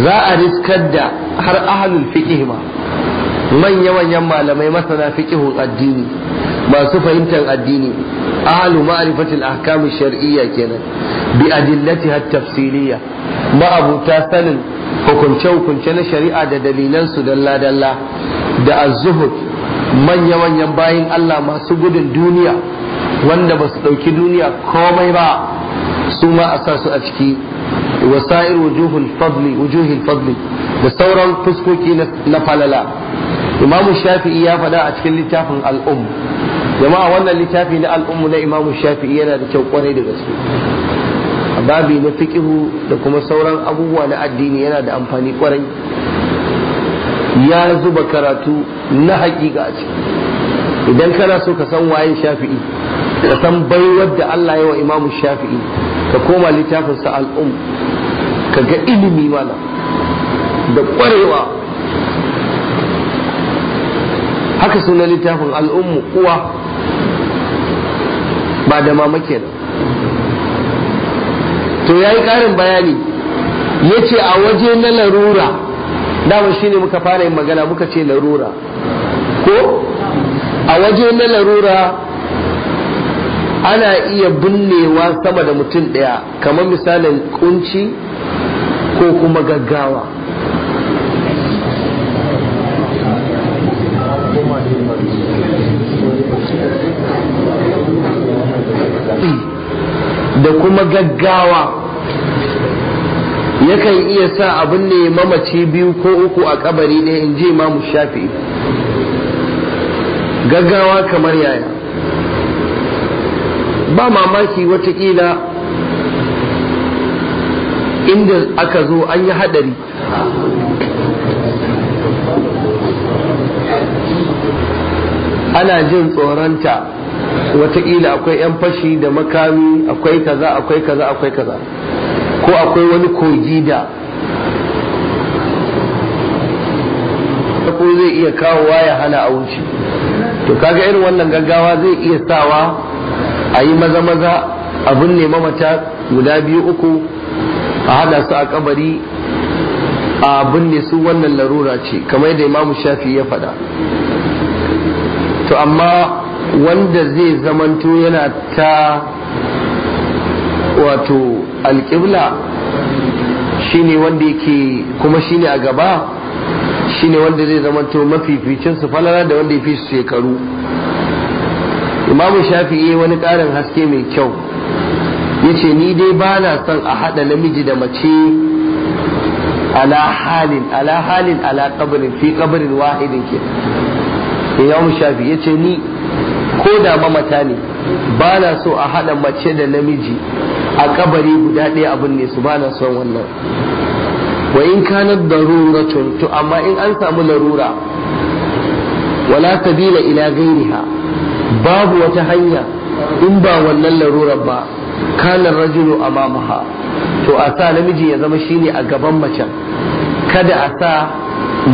za a riskar da har ahalul fiƙi ma manya-manyan malamai masana fiqhu addini masu fahimtar addini ahlu ma'rifatil ahkam shar'iyya kenan bi adillatiha tafsiliya ma'abuta sanin hukunce-hukunce na shari'a da dalilansu dalla-dalla da az-zuhud manya-manyan bayin Allah masu gudun duniya wanda ba su ɗauki duniya komai ba su ma a sa su a ciki wasa'ir wujuhul fadli fadli da sauran fuskoki na falala imamu shafi'i ya faɗa a cikin littafin al'umma. jama'a wannan littafi na al'umma na imamu shafi'i yana da kyau kwarai da gaske babi na fiqihu da kuma sauran abubuwa na addini yana da amfani kwarai ya zuba karatu na hakika a ciki idan kana so ka san waye shafi'i ka san bai da Allah ya wa imamu shafi'i ka koma littafinsa al'um ka ga ilimi mana da kwarewa haka suna littafin al'ummu kuwa ba da mamake da to ya yi ƙarin bayani ya ce a waje na larura dama ne muka fara yin magana muka ce larura ko a waje na larura ana iya binnewa sama da mutum ɗaya kamar misalin kunci ko kuma gaggawa da kuma gaggawa yakan iya sa abin ne mamaci biyu ko uku a kabari ne in ji mu shafi gaggawa kamar yaya ba mamaki watakila inda aka zo an yi hadari ana jin tsoronta wataƙila akwai 'yan fashi da makami akwai kaza akwai kaza akwai kaza ko akwai wani kogi da ko zai iya kawowa ya hana a wuce to kaga irin wannan gaggawa zai iya sawa a yi maza maza abin ne mamata guda biyu uku a hada su a kabari a binne su wannan larura ce kamar da imamu shafi ya faɗa to amma wanda zai zamanto yana ta wato alƙibla shine wanda yake kuma shi ne a gaba shi ne wanda zai zamanto mafificin su falala da wanda ya fi su shekaru imamu shafi'i wani ƙarin haske mai kyau ya ce ni dai ba na son a haɗa namiji da mace ala halin ala halin ala ƙabarin fi ƙabarin wahidin ke ya imamu shafi ya ce ni ko da mamata ne ba na so a haɗa mace da namiji a kabari guda ɗaya abin ne su ba na son wannan wa in kana rura to amma in an samu larura wala ta bila ila gairiha babu wata hanya in ba wannan larurar ba kanar rajulu amamaha to a sa namiji ya zama shine a gaban macen kada a sa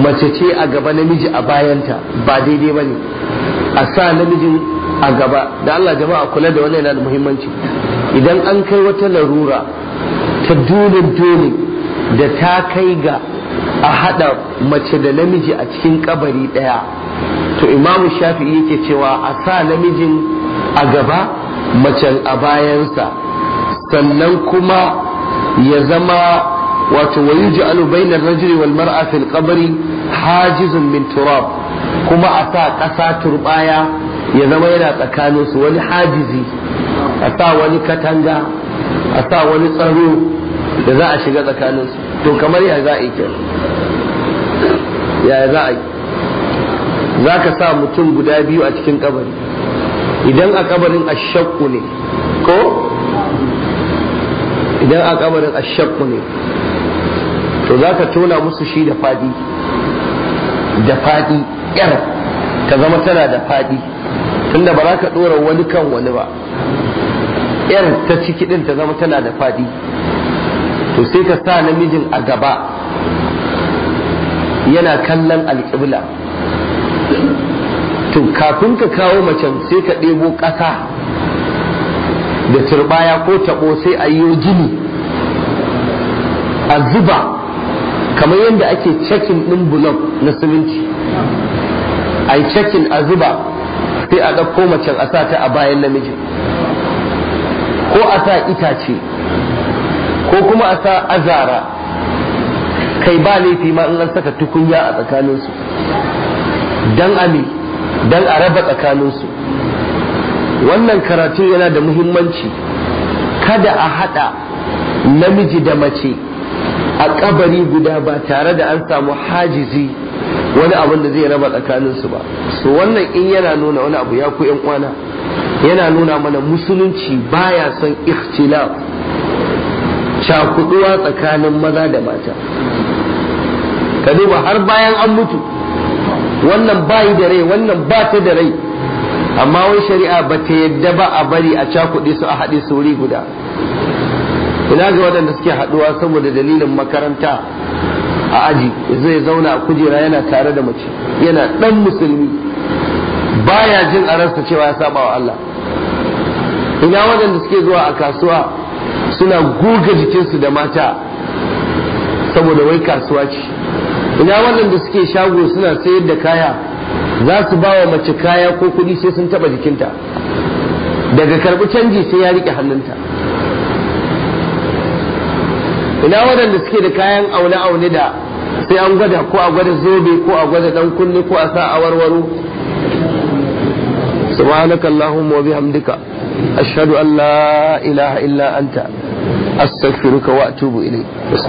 mace ce a gaba namiji a bayanta ba daidai ba ne a sa namijin a gaba da Allah jama'a kula da wannan yana da muhimmanci idan an kai wata larura ta dole-dole da ta kai ga a haɗa mace da namiji a cikin kabari ɗaya to imamu shafi'i yake cewa a sa namijin a gaba macen a bayansa sannan kuma ya zama wato wa yuj'alu bainar rajuli wal mar'a fil qabri hajizun min turab kuma a sa ƙasa turbaya ya zama yana tsakanin su wani hajizi a sa wani katanga a sa wani tsaro da za a shiga tsakanin su to kamar ya za a yi ya za a yi za ka sa mutum guda biyu a cikin kabari idan a kabarin ashakku ne ko idan a kabarin ashakku ne to za ka tona musu shi da fadi da fadi yar ta zama tana da fadi tunda ba za ka dora wani kan wani ba yar ta ciki din ta zama tana da fadi to sai ka sa namijin a gaba yana kallon alƙibla to kafin ka kawo macen sai ka ɗebo ƙasa da turbaya ko taɓo sai a yi gini a zuba kamar yadda ake cekin ɗin bulon na siminti a yi cekin a zuba sai a ɗauko macen a sa a bayan namijin ko a sa itace ko kuma a sa azara kai ba laifi ma in an saka tukunya a tsakaninsu don ami don a raba tsakaninsu wannan karatu yana da muhimmanci kada a haɗa namiji da mace a kabari guda ba tare da an samu hajizi wani abin da zai raba tsakaninsu ba su wannan in yana nuna wani abu ya ku yan kwana yana nuna mana musulunci baya son ikhtilaf cakuduwa tsakanin maza da mata ka duba har bayan an mutu wannan bayi da rai wannan ba ta da rai amma wai shari'a ba ta yadda ba a bari a cakuɗe su a haɗe sauri guda ina ga waɗanda suke haɗuwa saboda dalilin makaranta a aji zai zauna a kujera yana tare da mace yana ɗan musulmi baya jin a cewa ya saba wa Allah ina waɗanda suke zuwa a kasuwa suna guga jikinsu da mata saboda wai kasuwa ce ina waɗanda suke shago suna sayar da kaya za su ba wa mace kaya ko kuɗi sai sun taɓa jikinta daga karɓi canji sai ya riƙe hannunta ina waɗanda suke da kayan aune aune da sai an gwada ko a gwada zobe ko a gwada ɗan kunne ko a sa a warwaro سبحانك اللهم وبحمدك أشهد أن لا إله إلا أنت أستغفرك وأتوب إليك